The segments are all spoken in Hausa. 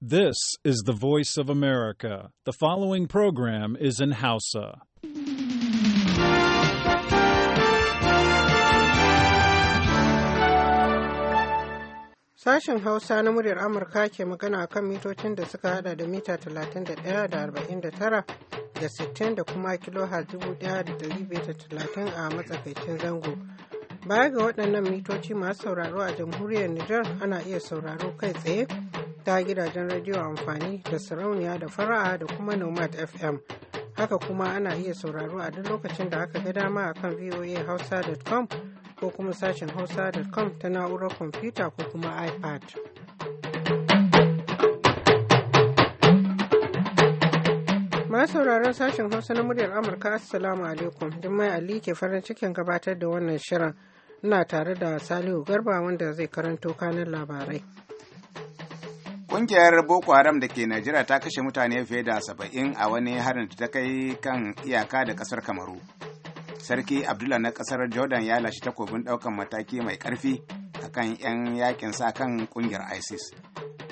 This is the voice of America. The following program is in Hausa. Sashen Hausa na muryar Amurka ke magana kan mitocin da suka hada da mita 31 da 49 da 60 da kuma kilo 1530 a matsakaicin zango. Baya ga waɗannan mitoci masu sauraro a jamhuriyar Nijar ana iya sauraro kai tsaye ta gidajen rediyo amfani da sarauniya da fara'a da kuma nomad fm haka kuma ana iya sauraro a duk lokacin da aka ga dama a kan voahausa.com ko kuma sashen hausa.com ta na'urar kwamfuta ko kuma ipad Ma sauraron sashen hausa na muryar amurka assalamu alaikum duk mai ali ke farin cikin gabatar da wannan shirin ina tare da salihu garba wanda zai karanto kanin labarai Kungiyar Boko Haram da ke Najeriya ta kashe mutane fiye da saba'in a wani harin da ta kai kan iyaka da kasar Kamaru. Sarki Abdullah na kasar Jordan ya lashe takobin ɗaukan mataki mai karfi kan 'yan yakin sa kan kungiyar ISIS.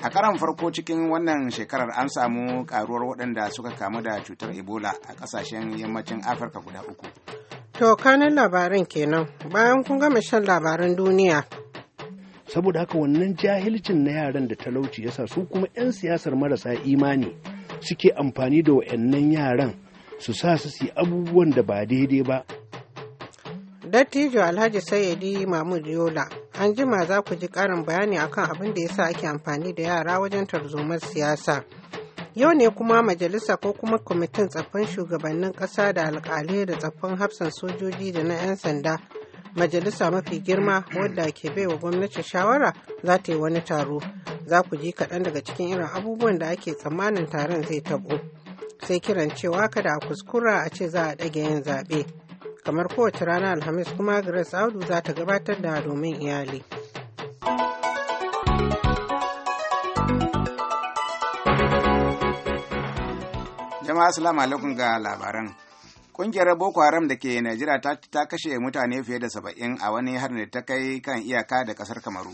A karan farko cikin wannan shekarar an samu karuwar waɗanda suka kamu da cutar Ebola a ƙasashen yammacin Afirka guda uku. To kanan labaran kenan bayan kun gama shan labaran duniya saboda haka wannan jahilcin na yaran da talauci yasa su kuma 'yan siyasar marasa imani suke amfani da wa'annan yaran su sa su yi abubuwan da ba daidai ba dattijo alhaji sayyidi mahmud yola an jima za ku ji karin bayani akan abin da yasa ake amfani da yara wajen tarzomar siyasa yau ne kuma majalisa ko kuma kwamitin tsaffin shugabannin Ƙasa da alkalai da tsaffin hafsan sojoji da na 'yan sanda majalisa mafi girma wadda ke baiwa gwamnati shawara za ta yi wani taro za ku ji kaɗan daga cikin irin abubuwan da ake tsammanin taron zai taɓo sai kiran cewa kada a kuskura a ce za a ɗage yin zaɓe kamar kowace rana alhamis kuma grace audu za ta gabatar da domin iyali jama'a assalamu alaikum ga labaran Ƙungiyar Boko Haram da ke Najeriya ta kashe mutane fiye da saba'in a wani harin da ta kai kan iyaka da ƙasar Kamaru.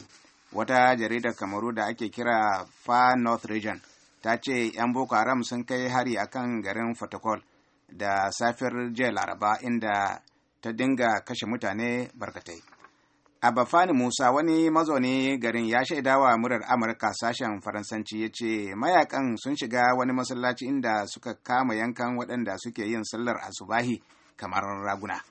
Wata jaridar Kamaru da ake kira Far North Region ta ce 'yan Boko Haram sun kai hari a kan garin Fatakol da safiyar jiya Laraba inda ta dinga kashe mutane barkatai. A Abafani Musa wani mazauni garin ya shaida wa murar Amurka sashen Faransanci ya ce mayakan sun shiga wani masallaci inda suka kama yankan waɗanda suke yin sallar asubahi kamar raguna.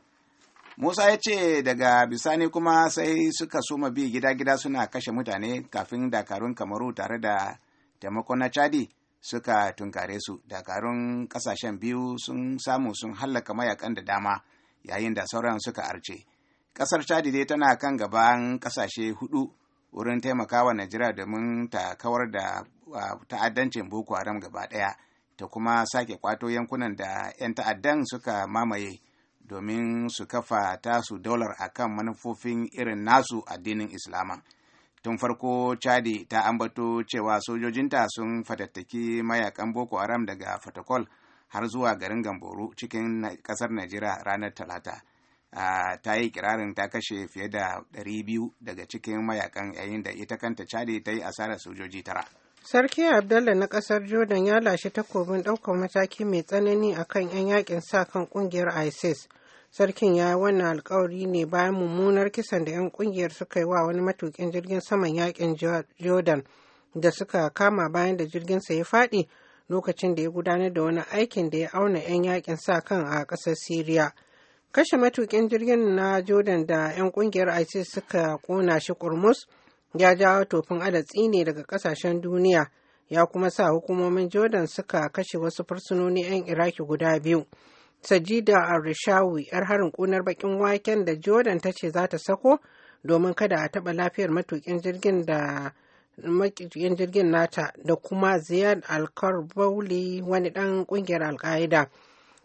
Musa ya ce daga bisani kuma sai suka soma bi gida-gida suna kashe mutane kafin dakarun kamaru tare da taimako na Chadi suka tunkare su. Dakarun ƙasashen biyu sun samu sun hallaka mayakan da dama yayin da sauran suka arce. Ƙasar Chadi dai tana kan gaban ƙasashe hudu wurin taimakawa Najeriya domin ta kawar da ta'addancin Boko Haram gaba ɗaya ta kuma sake kwato yankunan da 'yan ta'addan suka mamaye domin su kafa tasu daular kan manufofin irin nasu addinin Islama. Tun farko Chadi ta ambato cewa sojojinta sun fatattaki mayakan Boko Haram daga Fatakol har zuwa garin Gamboru cikin ƙasar Najeriya ranar Talata. ta yi kirarin ta kashe fiye da ɗari biyu daga cikin mayakan yayin da ita kanta chadi ta yi asarar sojoji tara sarki abdullah na kasar jordan ya lashe takobin ɗaukar mataki mai tsanani a kan 'yan yakin sa kan ƙungiyar isis sarkin ya yi wannan alkawari ne bayan mummunar kisan da 'yan ƙungiyar suka yi wa wani matukin jirgin saman yakin jordan da suka kama bayan da jirginsa ya faɗi lokacin da ya gudanar da wani aikin da ya auna 'yan yakin sa kan a ƙasar syria kashe matukin jirgin na jordan da 'yan kungiyar isis suka kona shi kurmus ya jawo tofin adatsi ne daga kasashen duniya ya kuma sa hukumomin jordan suka kashe wasu fursunoni 'yan iraki guda biyu sajida arishawi yar harin kunar bakin waken da jordan ta ce za ta sako domin kada a taba lafiyar matukin jirgin da matukin jirgin nata da kuma ziyad alkarbauli wani dan kungiyar alka'ida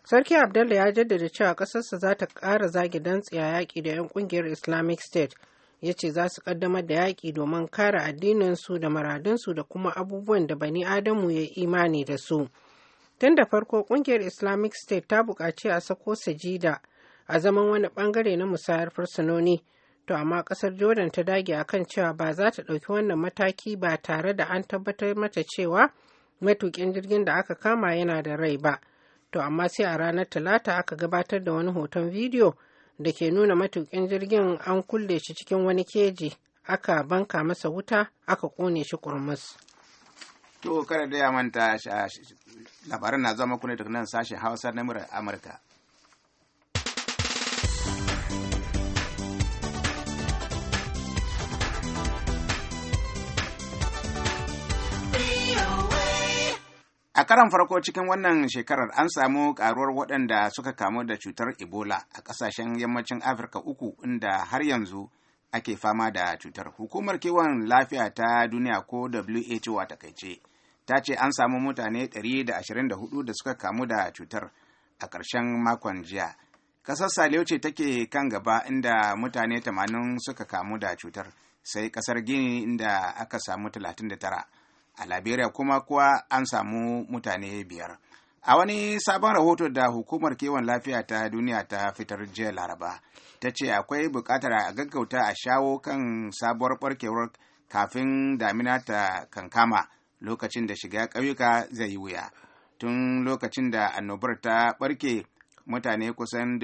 Sarki Abdalla ya jaddada cewa ƙasarsa za ta ƙara zagi dantse a yaƙi da 'yan ƙungiyar Islamic State. Ya ce za su ƙaddamar da yaƙi domin kare addininsu da maradinsu da kuma abubuwan da bani Adamu ya imani da su. Tun da farko ƙungiyar Islamic State ta buƙaci a sako sajida a zaman wani ɓangare na musayar fursunoni. To amma ƙasar Jordan ta dage a kan cewa ba za ta ɗauki wannan mataki ba tare da an tabbatar mata cewa matuƙin jirgin da aka kama yana da rai ba. to amma sai a ranar talata aka gabatar da wani hoton bidiyo da ke nuna matukin jirgin an kulle shi cikin wani keji aka banka masa wuta aka kone shi kurmus to kada da ya manta labaran na zama kuna daga nan sashen hausa na amurka A karan farko cikin wannan shekarar an samu karuwar waɗanda suka kamu da cutar Ebola a ƙasashen yammacin Afirka uku inda har yanzu ake fama da cutar. Hukumar kiwon lafiya ta duniya ko WHO a takaice ta ce an samu mutane 124 da suka kamu da cutar a ƙarshen makon jiya. Ƙasar Saliyo ce take kan gaba inda mutane 80 suka kamu da cutar, sai ƙasar Gini inda aka samu 39. a liberia kuma kuwa an samu mutane biyar a wani sabon rahoto da hukumar kiwon lafiya ta duniya ta fitar jiya laraba ta ce akwai bukatar a gaggauta a shawo kan sabuwar barkewar kafin damina ta kankama lokacin da shiga ƙauyuka zai yi wuya tun lokacin da annobar ta barke mutane kusan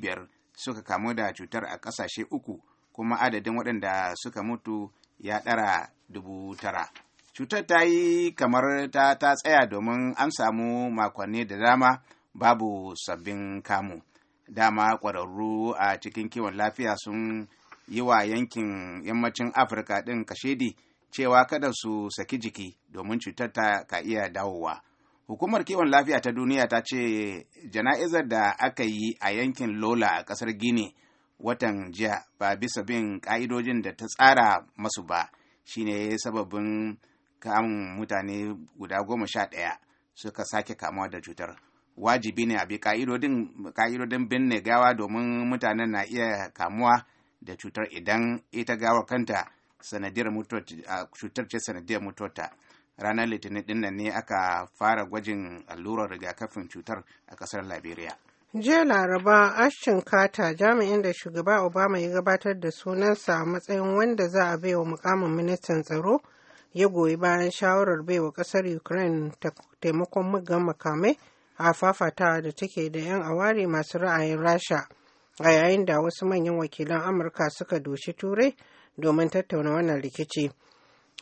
biyar suka kamu da cutar a ƙasashe uku kuma adadin waɗanda suka mutu ya ɗara dubu tara. Cutar ta yi kamar ta ta tsaya domin an samu makonni da dama babu sabbin kamu. Dama ƙwararru a cikin kiwon lafiya sun yi wa yankin yammacin Afirka ɗin kashedi cewa kada su saki jiki domin cutar ta ka iya dawowa. Hukumar kiwon lafiya ta duniya ta ce jana'izar da aka yi a yankin Lola a ƙasar gini watan jiya ba bisa bin ƙa'idojin da ta tsara masu ba shi ne sababin kamun mutane guda goma sha ɗaya suka sake kamuwa da cutar wajibi ne a bi ka'idodin binne gawa domin mutanen na iya kamuwa da cutar idan ita gawa kanta sanadiyar cutar ce sanadiyar mutuwarta ranar litinin dinnan ne aka fara gwajin allurar rigakafin cutar a ƙasar liberia jiya laraba ashton carter jami'in da shugaba obama ya gabatar da sunansa a matsayin wanda za a baiwa mukamin ministan tsaro ya goyi bayan shawarar baiwa kasar ukraine ta taimakon muggan makamai a fafatawa da take da 'yan aware masu ra'ayin rasha a yayin da wasu manyan wakilan amurka suka doshi turai domin tattauna wannan rikici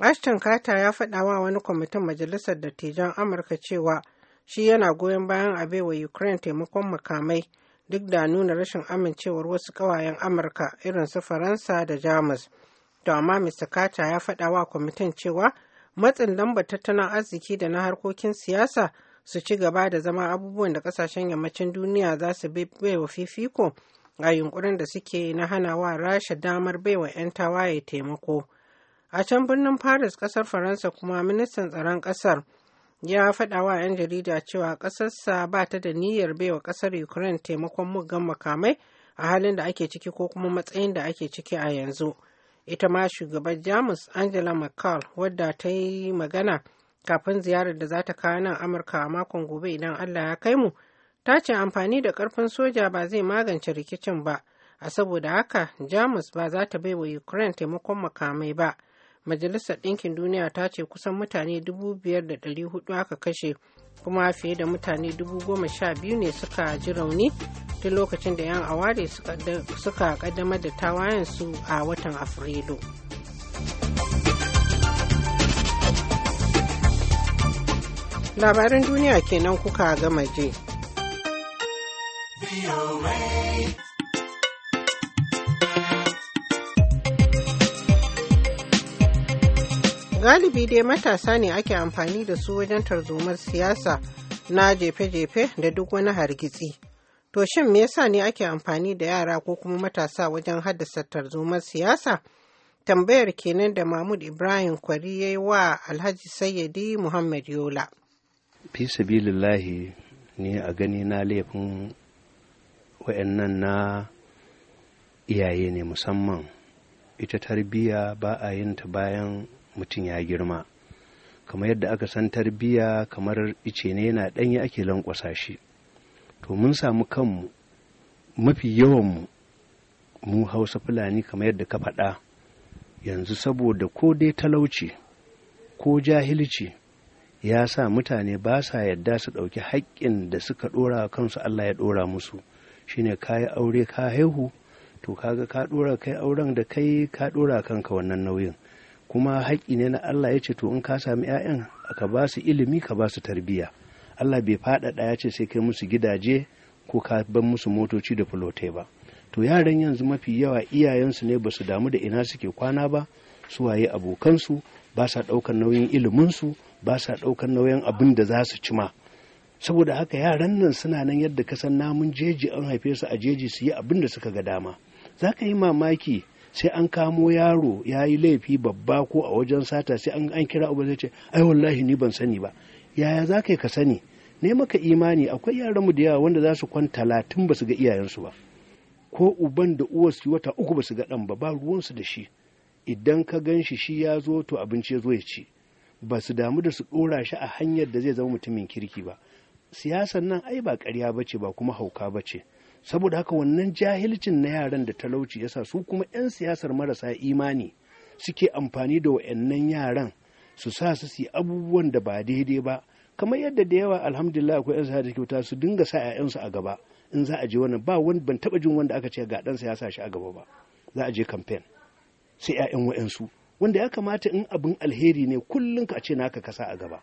ashton carter ya faɗawa wani kwamitin majalisar dattijan amurka cewa shi yana goyon bayan a baiwa ukraine taimakon makamai duk da nuna rashin amincewar wasu kawayen amurka irin su faransa da jamus to amma mr carter ya faɗa wa kwamitin cewa matsin lambar tattalin arziki da na harkokin siyasa su ci gaba da zama abubuwan da kasashen yammacin duniya za su baiwa fifiko a yunkurin da suke na hana wa rasha damar baiwa 'yan tawaye taimako a can birnin paris kasar faransa kuma ministan tsaron kasar ya faɗa wa 'yan jarida cewa ƙasarsa ba ta da niyyar baiwa ƙasar ukraine taimakon muggan makamai a halin da ake ciki ko kuma matsayin da ake ciki a yanzu ita ma shugaban jamus angela merkel wadda ta yi magana kafin ziyarar da za ta kawo nan amurka a makon gobe idan allah ya kai mu ta ce amfani da karfin soja ba zai magance rikicin ba a saboda haka jamus ba za ta baiwa ukraine taimakon makamai ba majalisar ɗinkin duniya ta ce kusan mutane 5,400 aka kashe kuma fiye da mutane 12,000 ne suka ji rauni tun lokacin da 'yan aware suka kaddamar da tawayensu a watan afrilu Labarin duniya kenan kuka gama je. Galibi dai matasa ne ake amfani da su wajen tarzomar siyasa na jefe-jefe da duk wani hargitsi. To shin me yasa ne ake amfani da yara ko kuma matasa wajen haddasa tarzomar siyasa? Tambayar kenan da Mahmud Ibrahim Kwari ya yi wa Alhaji Sayyidi Muhammad Yola. Fi sabilillahi ne a gani na laifin wa'annan na iyaye ne musamman ita tarbiyya ba a yin ta bayan mutum ya girma kamar yadda aka san tarbiyya kamar ice ne yana ɗanyi ake lankwasa shi to mun samu kanmu mafi yawanmu mu hausa fulani kamar yadda ka faɗa yanzu saboda ko dai talauci ko jahilci ya sa mutane ba sa yadda su ɗauki haƙƙin da suka ɗora kansu Allah ya ɗora musu shine ka yi aure ka haihu to kaga ka ɗora kai auren da kai ka ɗora kanka wannan nauyin kuma haƙƙi ne na Allah ya ce to in ka sami 'ya'yan ka ba su ilimi ka ba su tarbiyya Allah bai faɗaɗa ya ce sai kai musu gidaje ko ka ban musu motoci da fulotai ba to yaran yanzu mafi yawa iyayensu ne ba su damu da ina suke kwana ba su waye abokansu ba sa ɗaukar nauyin iliminsu ba sa ɗaukar nauyin abin da za su cima saboda haka yaran nan suna nan yadda ka san namun jeji an haife su a jeji su yi abin da suka ga dama za ka yi mamaki sai an kamo yaro ya yi laifi babba ko a wajen sata sai an kira uba zai ce ai wallahi ni ban sani ba yaya za ka ka sani ne maka imani akwai yaranmu da yawa wanda za su kwan talatin ba su ga iyayensu ba ko uban da uwar su wata uku ba su ga ɗan ba ba ruwansu da shi idan ka gan shi shi ya zo to abinci ya zo ya ci ba su damu da su ɗora shi a hanyar da zai zama mutumin kirki ba Siyasan nan ai ba ƙarya ba ce ba kuma hauka ba ce saboda haka wannan jahilcin na yaran da talauci yasa su kuma 'yan siyasar marasa imani suke amfani da wa'annan yaran su sa su yi abubuwan da ba daidai ba kamar yadda da yawa alhamdulillah akwai 'yan siyasar kyauta su dinga sa 'ya'yansu a gaba in za a je wannan ba wani ban taba jin wanda aka ce ga ɗansa ya sa shi a gaba ba za a je kamfen sai 'ya'yan wa'ansu wanda ya kamata in abin alheri ne kullum ka ce naka kasa a gaba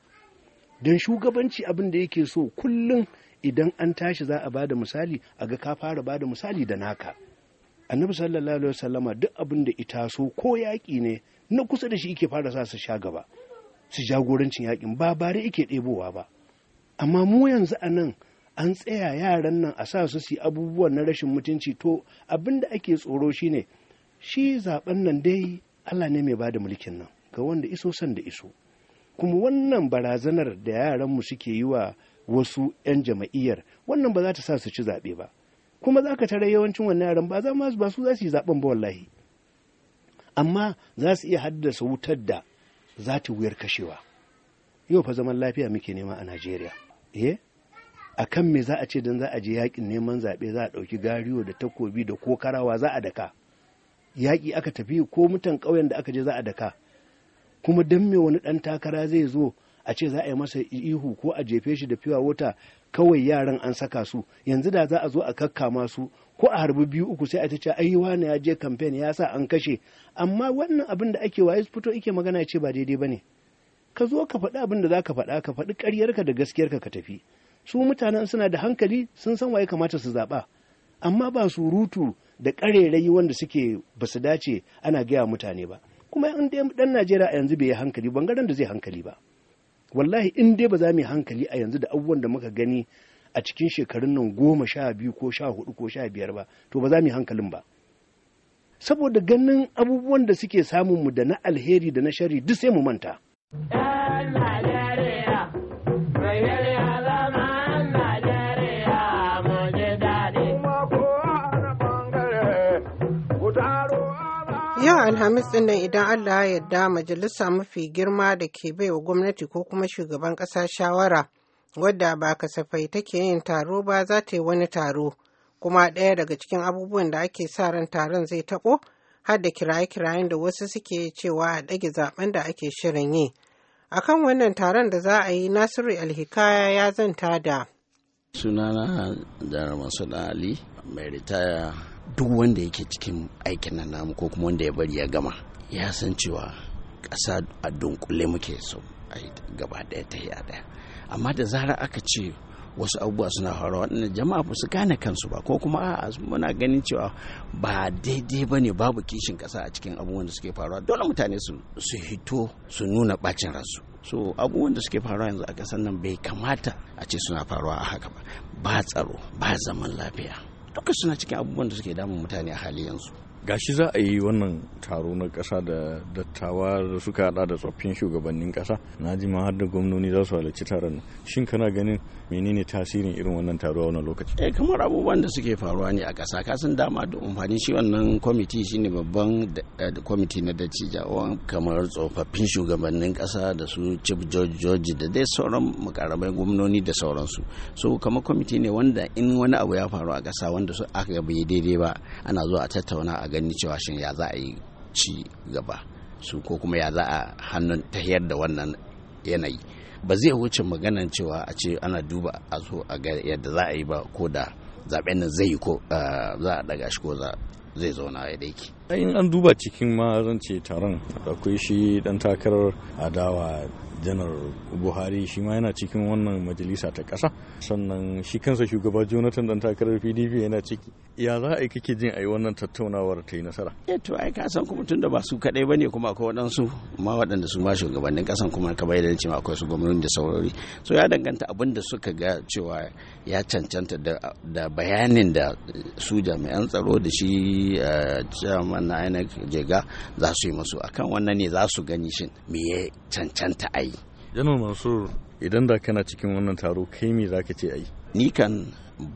don shugabanci abin da yake so kullum idan an tashi za a ba da misali a ga ka fara ba da misali da naka annabi sallallahu alaihi wasallama duk abin da ita so ko yaƙi ne na kusa da shi yake fara sa su sha gaba su jagorancin yaƙin ba bare yake ɗebowa ba amma mu yanzu a nan an tsaya yaran nan a sa su su abubuwan na rashin mutunci to abin da ake tsoro shi ne, shi zaɓen nan dai Allah ne mai ba da mulkin nan ga wanda iso san da iso kuma wannan barazanar da yaranmu suke yi wa wasu 'yan jama'iyyar wannan ba za ta sa su ci zaɓe ba kuma za ka tare yawancin wannan yaran ba za ba su za su yi zaɓen ba wallahi amma za su iya haddasa wutar da za ta wuyar kashewa yau fa zaman lafiya muke nema a najeriya eh a kan me za a ce don za a je yaƙin neman zaɓe za a ɗauki gariyo da takobi da ko karawa za a daka yaƙi aka tafi ko mutan ƙauyen da aka je za a daka kuma dan me wani ɗan takara zai zo a ce za a yi masa ihu ko a jefe shi da fiwa wata kawai yaran an saka su yanzu da za a zo a kakkama su ko a harbi biyu uku sai a ta ce ayi wani ya je kamfen ya sa an kashe amma wannan abin da ake waye fito ike magana ce ba daidai bane ka zo ka faɗi abin da za ka faɗa ka faɗi ƙaryarka da gaskiyarka ka tafi su mutanen suna da hankali sun san waye kamata su zaɓa amma ba surutu da ƙarerayi wanda suke ba su dace ana gaya mutane ba kuma in dai dan Najeriya a yanzu bai yi hankali bangaren da zai hankali ba wallahi in dai ba za mu yi hankali a yanzu da abubuwan da muka gani a cikin shekarun nan goma sha biyu ko sha hudu ko sha biyar ba to ba za mu yi hankalin ba saboda ganin abubuwan da suke samun mu da na alheri da na shari duk sai mu manta. alhamis din nan idan allah ya yarda majalisa mafi girma da ke baiwa gwamnati ko kuma shugaban ƙasa shawara wadda ba kasafai take yin taro ba za ta yi wani taro kuma ɗaya daga cikin abubuwan da ake sa ran taron zai taɓo har da kiraye-kirayen da wasu suke cewa a ɗage zaben da ake shirin yi akan wannan taron da za a yi nasiru alhikaya ya zanta da sunana da ali mai ritaya duk wanda yake cikin aikin nan namu ko kuma wanda ya bari ya gama ya san cewa ƙasa a dunkule muke so a gaba ɗaya ta yi ɗaya amma da zarar aka ce wasu abubuwa suna faruwa waɗanda jama'a ba su gane kansu ba ko kuma a'a muna ganin cewa ba daidai ba ne babu kishin ƙasa a cikin abubuwan da suke faruwa dole mutane su hito su nuna ɓacin rasu so abubuwan da suke faruwa yanzu a ƙasar nan bai kamata a ce suna faruwa a haka ba ba tsaro ba zaman lafiya duka suna cikin abubuwan da suke damun mutane a hali yanzu gashi za a yi wannan taro na kasa da dattawa da suka hada da tsoffin shugabannin kasa na ji har da gwamnoni za su halarci taron shin kana ganin menene tasirin irin wannan taro a wannan lokaci eh kamar abubuwan da suke faruwa ne a kasa kasan san dama da amfani shi wannan kwamiti shine babban eh, kwamiti na jawon kamar tsofaffin shugabannin kasa da su chief george george da dai sauran makarabai gwamnoni da sauransu so kamar kwamiti ne wanda in wani abu ya faru a kasa wanda su aka bai daidai ba ana zuwa a tattauna a gani cewa shin ya za a yi ci gaba su ko kuma ya za a hannun tahiyar da wannan yanayi ba zai wuce maganan cewa a ce ana duba a zo a ga yadda za a yi ba ko da zaben nan zai ko za a daga shi ko za zai zauna ya daiki. in an duba cikin ma zan ce taron akwai shi dan takarar adawa janar buhari shi ma yana cikin wannan majalisa ta ƙasa sannan shi kansa shugaba jonathan dan takarar pdp yana ciki ya za a yi kake jin a wannan tattaunawar ta yi nasara eh to ai ka san kuma tunda ba su kaɗai ba ne kuma akwai waɗansu ma waɗanda su ma shugabannin ƙasan kuma ka bayyana cewa akwai su gwamnati da saurari so ya danganta abin da suka ga cewa ya cancanta da bayanin da su jami'an tsaro da shi eh, chairman na INEC jega za su yi masu akan wannan ne za su gani shin me ya cancanta a janar mansur idan da kana cikin wannan taro kai me ka ce yi ni kan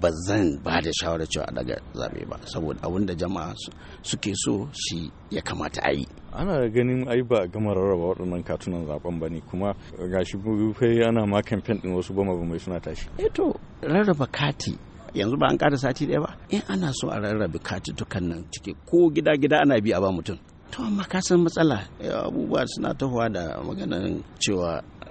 ba zan ba da shawarar cewa daga zabe ba saboda abin da jama'a suke so shi ya kamata a yi ana ganin ai ba gama rarraba waɗannan katunan zaben ba ne kuma gashi bufai ana ma kamfen ɗin wasu bama mai suna tashi eto eh to rarraba kati yanzu ba an ƙara sati ɗaya ba in ana so a rarrabe kati nan ciki ko gida gida ana bi a ba mutum to amma ka san matsala eh, abubuwa suna tahowa da maganin cewa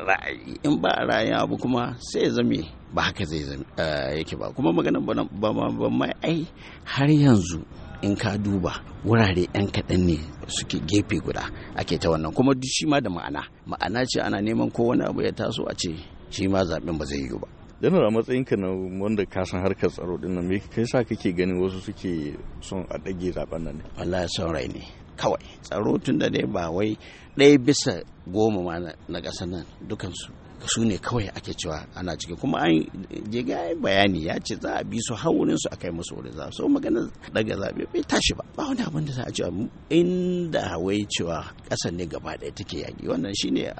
ra'ayi in ba ra'ayin abu kuma sai zame ba haka zai zame eh, yake ba kuma maganin ba ma ai har yanzu in ka duba wurare 'yan kaɗan ne suke gefe guda ake ta wannan kuma duk shi ma da ma'ana ma'ana ce ana neman ko wani abu ya taso a ce shi ma zaɓen ba zai yiwu ba janar a matsayinka na wanda ka san harkar tsaro dinnan nan me kai sa kake ganin wasu suke son a ɗage zaben nan ne wallahi son rai ne kawai tsaro tun da dai ba wai ɗaya bisa goma ma na ƙasar nan dukansu su ne kawai ake cewa ana ciki kuma an ga bayani ya ce za a bi su haurin su a akai musu wurin za so magana daga zaɓe bai tashi ba ba wani abin da za a cewa inda wai cewa ƙasar ne gaba ɗaya take yaƙi wannan shine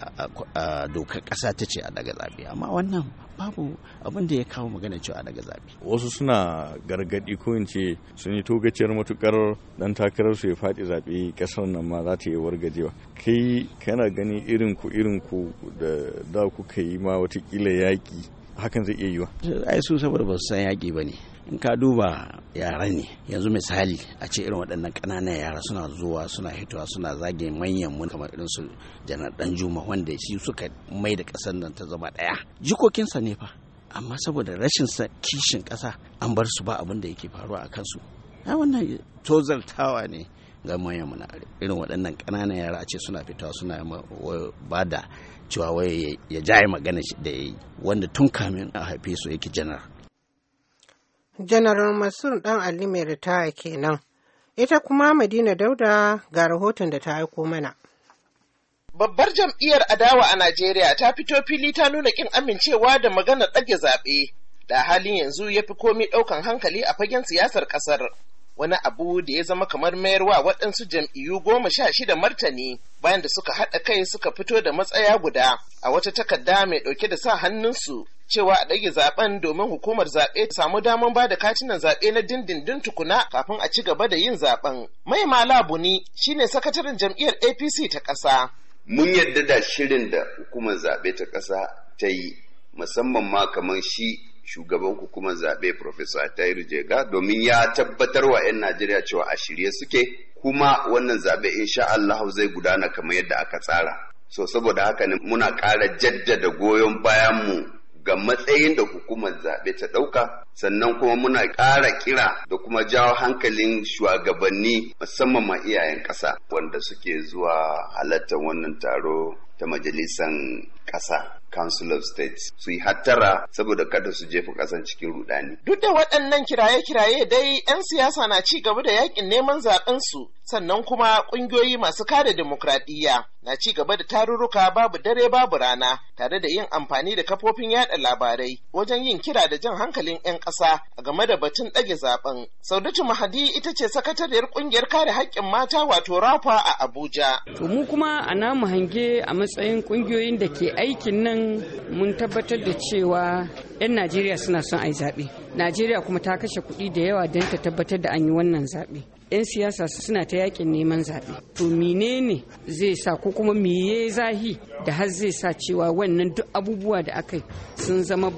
dokar ƙasa ta ce a daga zaɓe amma wannan babu abin da ya kawo magana cewa daga zaɓe. wasu suna gargadi ko in ce sun yi togaciyar matukar dan takarar su ya faɗi zaɓe kasar nan ma za ta yi wargajewa kai kana gani irin ku irin ku da da kuka yi ma wata watakila yaƙi hakan zai iya yiwa. ai su saboda ba su san yaƙi ba ne in ka duba yara ne yanzu misali a ce irin waɗannan ƙananan yara suna zuwa suna hitowa suna zage manyan mun kamar irin su janar Juma wanda shi suka mai da ƙasar nan ta zama ɗaya jikokinsa ne fa amma saboda rashin kishin ƙasa an bar su ba abin da yake faruwa a kansu Ya wannan tozartawa ne ga manyan mun irin waɗannan ƙananan yara a ce suna fitowa suna ba da cewa wai ya jaye magana da ya yi wanda tun kamin a haife su yake janar Janaral Masur ɗan Ali mai ritaya kenan. Ita kuma Madina Dauda ga rahoton da ta aiko mana. Babbar jam'iyyar adawa a Najeriya ta fito fili ta nuna ƙin amincewa da maganar ɗage zaɓe da halin yanzu ya fi komi ɗaukan hankali a fagen siyasar ƙasar. Wani abu da ya zama kamar mayarwa waɗansu jam'iyyu goma sha shida martani bayan da suka haɗa kai suka fito da matsaya guda a wata takarda mai ɗauke da sa hannunsu cewa a ɗage zaben domin hukumar zaɓe ta samu damar ba da katinan zaɓe na dindindin tukuna kafin a ci gaba da yin zaben. Mai Malabu ni shine sakataren jam'iyyar APC ta ƙasa. Mun yadda da shirin da hukumar zaɓe ta ƙasa ta yi musamman ma kamar shi shugaban hukumar zaɓe Profesa Tayiru Jega domin ya tabbatar wa 'yan Najeriya cewa a shirye suke kuma wannan zaɓe insha Allah zai gudana kamar yadda aka tsara. So saboda haka ne muna ƙara jaddada goyon bayanmu ga matsayin da hukumar zaɓe ta ɗauka sannan kuma muna ƙara kira da kuma jawo hankalin shugabanni musamman ma iyayen ƙasa wanda suke zuwa halartar wannan taro ta majalisan ƙasa Council of States su yi hattara saboda kada su jefa ƙasan cikin rudani. Duk da waɗannan kiraye-kiraye dai 'yan siyasa na ci gaba da yakin neman zaɓen su sannan kuma ƙungiyoyi masu kare demokradiyya na ci gaba da tarurruka babu dare babu rana tare da yin amfani da kafofin yada labarai wajen yin kira da jan hankalin 'yan ƙasa a game da batun ɗage zaben. Saudatu Mahadi ita ce sakatariyar ƙungiyar kare haƙƙin mata wato Rafa a Abuja. To mu kuma a namu hange a matsayin ƙungiyoyin da ke aikin nan mun tabbatar da cewa 'yan najeriya suna son a yi zaɓe najeriya kuma ta kashe kuɗi da yawa don ta tabbatar da an yi wannan zaɓe 'yan siyasa suna ta yakin neman zaɓe to menene zai sa ko kuma meye zahi da har zai sa cewa wannan duk abubuwa da aka sun zama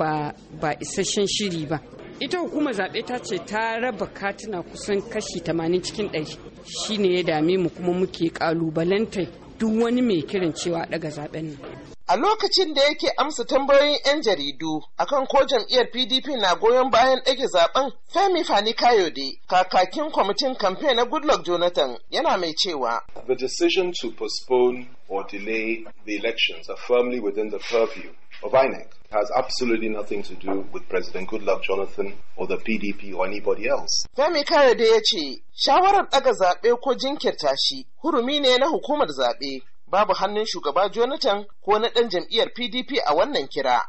ba isasshen shiri ba ita hukumar zaɓe ta ce ta raba katina kusan kashi tamanin cikin 100 shine ya dame mu kuma muke kalubalanta duk wani mai kiran cewa daga zaɓen nan A lokacin da yake amsa tambayoyin 'yan jaridu akan ko jam'iyyar PDP na goyon bayan ɗage zaben Femi Fani Kayode, kakakin kwamitin kamfe na Goodluck Jonathan yana mai cewa. The decision to postpone or delay the elections are firmly within the purview of INEC. has absolutely nothing to do with President Goodluck Jonathan or the PDP or anybody else. Femi Kayode ya ce, shawarar ɗaga zaɓe ko jinkirta shi hurumi ne na hukumar zaɓe babu hannun shugaba Jonathan ko na ɗan jam'iyyar PDP a wannan kira.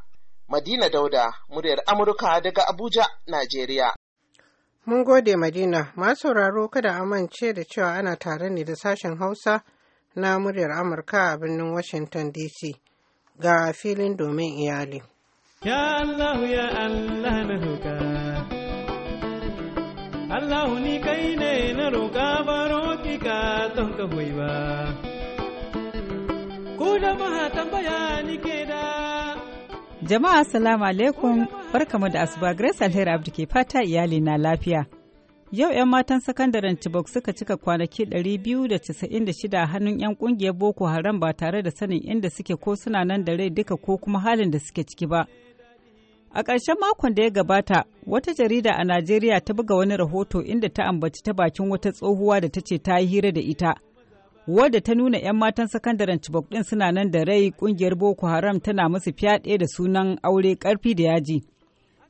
Madina Dauda, muryar Amurka daga Abuja, Najeriya. Mun gode Madina, masu sauraro kada amince da cewa ana tare ne da sashen Hausa na muryar Amurka a birnin Washington DC ga filin domin iyali. Ya Allah ya Allah na roƙa. Allah ni kai ne na roƙa baro ki ka ton ka ba. jama'a tambaya ni ke da. Jama'a salamu alaikum barkamu da asuba Grace Alheri Abdi ke fata iyali na lafiya. Yau 'yan matan sakandaren Chibok suka cika kwanaki 296 hannun 'yan kungiyar Boko Haram ba tare da sanin inda suke ko suna nan da rai duka ko kuma halin da suke ciki ba. A ƙarshen makon da ya gabata, wata jarida a Najeriya ta buga wani rahoto inda ta ambaci ta bakin wata tsohuwa da ta ce ta yi hira da ita. wadda ta nuna 'yan matan sakandaren Chibok din suna nan da rai ƙungiyar Boko Haram tana musu fyaɗe da sunan aure karfi da yaji.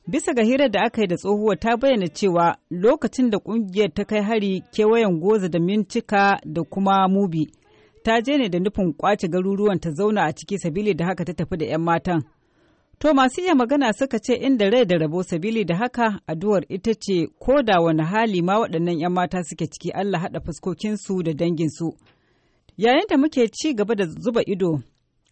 Bisa ga hirar da aka yi da tsohuwa ta bayyana cewa lokacin da ƙungiyar ta kai hari kewayen goza da mincika da kuma mubi. Ta je ne da nufin ƙwace garuruwan ta zauna a ciki sabili da haka ta tafi da 'yan matan. To masu iya magana suka ce inda rai da rabo sabili da haka addu'ar ita ce ko da wani hali ma waɗannan 'yan mata suke ciki Allah haɗa fuskokinsu da danginsu. Yayin da muke ci gaba da zuba ido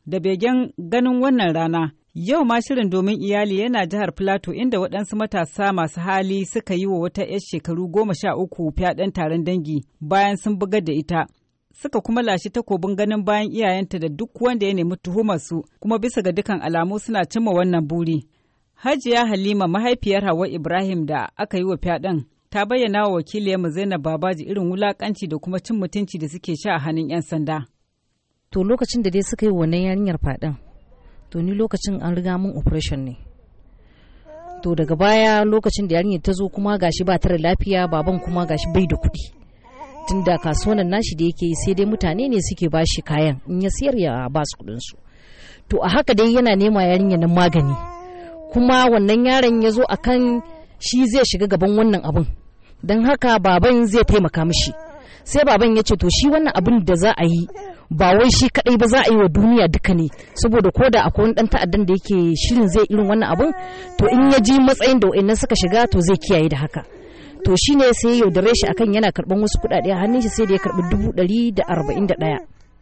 da begen ganin wannan rana, yau ma shirin domin iyali yana jihar plateau inda waɗansu matasa masu hali suka yi wa wata 'yar shekaru goma sha uku fyaɗen taron dangi bayan sun bugar da ita. Suka kuma lashe takobin ganin bayan iyayenta da duk wanda ya nemi tuhumar su kuma bisa ga dukan alamu suna cimma wannan buri. Hajiya Halima mahaifiyar Hawa Ibrahim da aka yi wa fyaɗen ta bayyana wa wakiliyarmu Zainab Babaji irin wulakanci da kuma cin mutunci da suke sha a hannun 'yan sanda. To lokacin da dai suka yi wannan yarinyar faɗin, to ni lokacin an riga mun operation ne. To daga baya lokacin da yarinyar ta zo kuma gashi ba tare lafiya baban kuma gashi bai da kuɗi. Tun da nan nashi da yake yi sai dai mutane ne suke bashi kayan in ya siyar ya ba su kuɗinsu. To a haka dai yana nema yarinyar nan magani. Kuma wannan yaron ya zo akan shi zai shiga gaban wannan abin. don haka baban zai taimaka mishi sai baban ya ce to shi wannan abin da za a yi ba wai shi kadai ba za a yi wa duniya duka ne saboda ko da akwai wani dan ta'addan da yake shirin zai irin wannan abun to in ya ji matsayin da wa'annan suka shiga to zai kiyaye da haka to shi ne sai ya yaudare shi akan yana karban wasu kudade a hannun shi sai da ya karbi dubu ɗari da arba'in da daya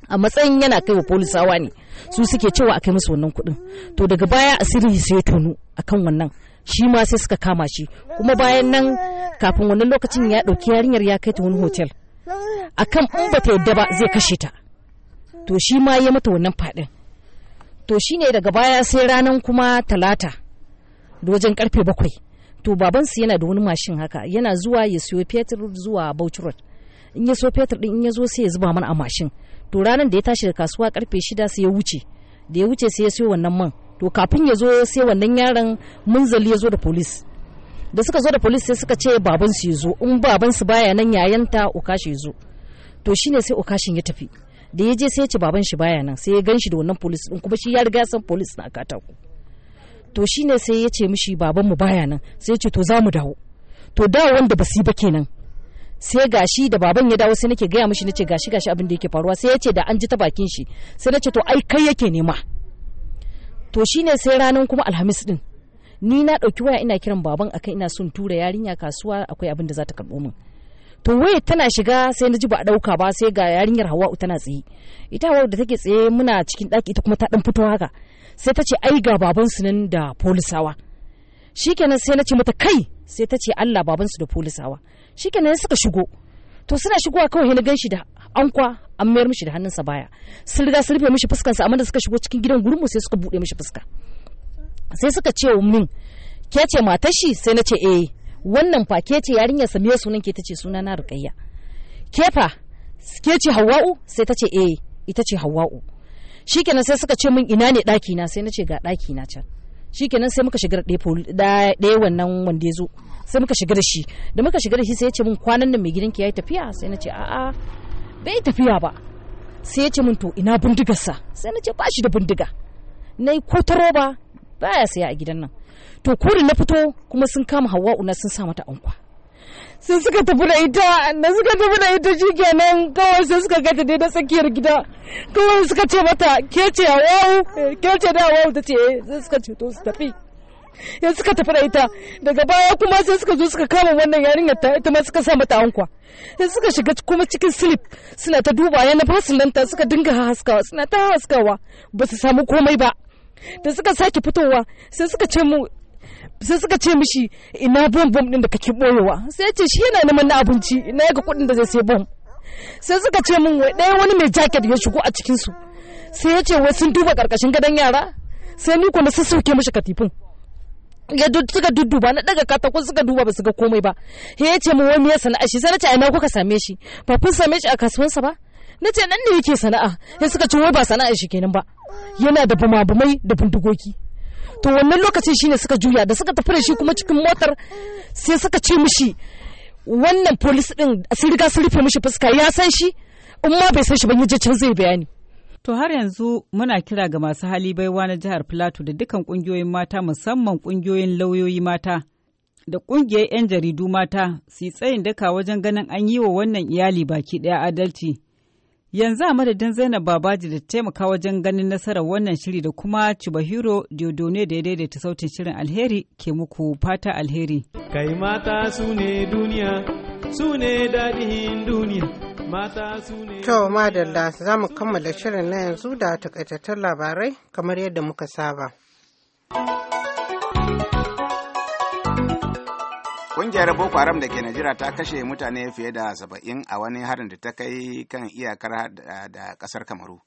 a matsayin yana kai wa polisawa ne su suke cewa a kai musu wannan kuɗin to daga baya asiri sai ya tonu akan wannan shi ma sai suka kama shi kuma bayan nan kafin wannan lokacin ya ɗauki yarinyar ya kai ta wani hotel kan in ba ta yadda ba zai kashe ta to shi ma ya mata wannan faɗin to shine daga baya sai ranar kuma talata da wajen karfe bakwai to babansu yana da wani mashin haka yana zuwa ya siyo fetur zuwa bauchi road in ya so fetur din in ya zo sai ya zuba mana a mashin to ranar da ya tashi da kasuwa karfe shida sai ya wuce da ya wuce sai ya siyo wannan man to kafin ya zo sai wannan yaron munzali ya zo da polis da suka zo da polis sai suka ce babansu ya zo in babansu baya nan yayanta ukashi ya zo to shine sai ukashin ya tafi da ya je sai ya ce baban shi baya nan sai ya gan shi da wannan polis din kuma shi ya riga san polis na katako to shine sai ya ce mishi baban mu baya nan sai ya ce to za mu dawo to da wanda ba su ba kenan sai gashi da baban ya dawo sai nake gaya mishi nace gashi gashi abin da yake faruwa sai ya ce da an ji ta bakin shi sai nace to ai kai yake nema to shine sai ranar kuma alhamis din ni na ɗauki waya ina kiran baban akan ina son tura yarinya kasuwa akwai abin da za ta karɓo min to waya tana shiga sai na ji ba a ɗauka ba sai ga yarinyar hawa'u tana tsaye ita hawa'u da take tsaye muna cikin ɗaki ita kuma ta ɗan fito haka sai ta ce ai ga babansu nan da polisawa shikenan sai na ce mata kai sai ta ce Allah babansu da polisawa shikenan suka shigo to suna shigowa kawai na gan shi da ankwa an mayar mishi da hannunsa baya sun riga sun rufe mishi fuskansa amma da suka shigo cikin gidan mu sai suka bude mishi fuska sai suka ce min ke ce matar shi sai na ce eh wannan fa ke ce yarinyar sa me sunan ke tace suna na ruqayya ke fa ke ce hawa'u sai ta ce eh ita ce hawa'u shikenan sai suka ce min ina ne daki na sai na ce ga daki na can shikenan sai muka shiga ɗaya wannan wanda ya zo sai muka shiga da shi da muka shiga da shi sai ya ce min kwanan nan mai gidanki yayi tafiya sai na ce a'a bai tafiya ba sai ya ce min to ina bindigarsa sai na ce ba shi da bindiga na yi ko ta roba baya saya a gidan nan to kuri na fito kuma sun kama hawa'u na sun sa mata anko. sun suka tafi da ita na suka tafi da ita kenan kawai sai suka gata dai da tsakiyar gida kawai suka ce mata ke ce hawa'u eh, ke ce da hawa'u ta ce eh, sai suka ce to su tafi yanzu suka tafi da ita daga baya kuma sai suka zo suka kama wannan yarinyar ta ita ma suka sa mata ankwa sai suka shiga kuma cikin slip suna ta duba yana ba su lanta suka dinga haskawa suna ta haskawa ba su samu komai ba da suka sake fitowa sai suka ce mu sai suka ce mishi ina bom bom din da kake boyewa sai ce shi yana neman na abinci ina ga kuɗin da zai sai bom sai suka ce min wai ɗaya wani mai jacket ya shigo a cikin su sai ya ce wai sun duba karkashin gadon yara sai ni kuma sassauke mishi katifin ya suka dudduba na daga katako suka duba ba su ga komai ba ya ce mu wani ya sana'a shi sai na ce ina kuka same shi ba kun same shi a kasuwansa ba na ce nan ne yake sana'a sai suka ce wai ba sana'a shi kenan ba yana da bumabumai da bindigogi to wannan lokacin shine suka juya da suka tafi da shi kuma cikin motar sai suka ce mishi wannan polis din sun riga sun rufe mishi fuska ya san shi in ma bai san shi ba ya je can zai bayani To har yanzu muna kira ga masu hali baiwa na jihar Filato da dukan ƙungiyoyin mata musamman ƙungiyoyin lauyoyi mata da ƙungiyar 'yan jaridu mata su tsayin daka wajen ganin an yi wa wannan iyali baki ɗaya adalci. Yanzu a madadin Zainab Babaji da taimaka wajen ganin nasarar wannan shiri da kuma Chibahiro Diodone da ya daidaita sautin shirin alheri ke muku fata alheri. Kai mata su ne duniya, su ne daɗin duniya. mata ma ne to madalla za mu kammala shirin na yanzu da takaitattun labarai kamar yadda muka saba Kungiyar Boko Haram da ke Najeriya ta kashe mutane fiye da saba'in a wani harin da ta kai kan iyakar da kasar Kamaru.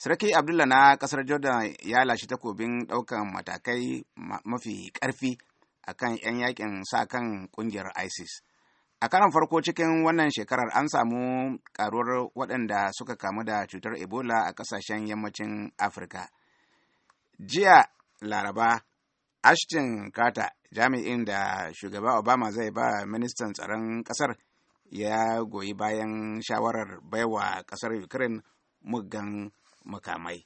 Sarki Abdullah na kasar Jordan ya lashe takobin ɗaukan matakai mafi karfi a kan 'yan yakin sa kan kungiyar ISIS. A karan farko cikin wannan shekarar an samu karuwar waɗanda suka kamu da cutar Ebola a ƙasashen yammacin Afirka. Jiya Laraba, Ashton Carter, jami'in da shugaba Obama zai ba ministan tsaron ƙasar ya goyi bayan shawarar baiwa ƙasar Ukraine muggan mukamai.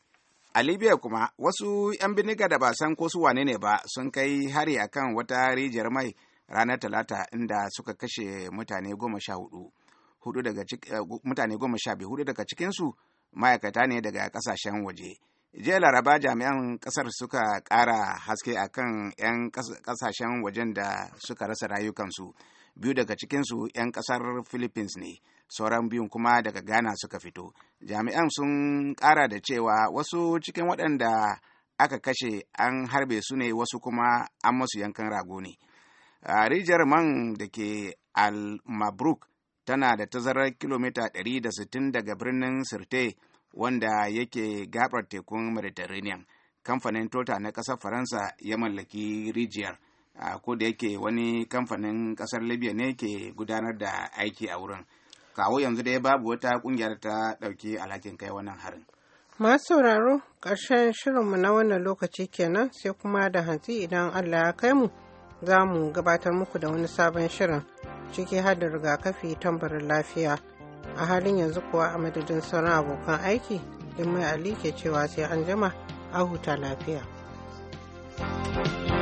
A Libya kuma wasu 'yan biniga da ba san ko su wane ne ba sun kai hari akan wata rijiyar mai. ranar talata inda suka kashe mutane goma sha hudu eh, daga cikinsu ma'aikata ne daga kasashen waje jiya laraba jami'an kasar suka kara haske akan 'yan kasashen wajen da suka rasa rayukansu biyu daga cikinsu 'yan kasar philippines ne sauran biyun kuma daga ghana suka fito jami'an sun kara da cewa wasu cikin waɗanda aka kashe an harbe su ne wasu kuma an masu yankan rago ne rijiyar man da ke al-mabruk tana da tazarar kilomita 160 daga birnin sirte wanda yake gabar tekun mediterranean kamfanin tota na ƙasar faransa ya mallaki rijiyar a da yake wani kamfanin ƙasar libya ne ke gudanar da aiki a wurin kawo yanzu dai babu wata ƙungiyar ta ɗauki alhakin kai wannan harin masu sauraro ƙarshen shirinmu na wannan lokaci kenan sai kuma da hantsi idan allah ya kai mu za mu gabatar muku da wani sabon shirin ciki har da rigakafi tambarin lafiya a halin yanzu kuwa a madadin sauran abokan aiki din mai ali ke cewa sai an jima a huta lafiya. thank you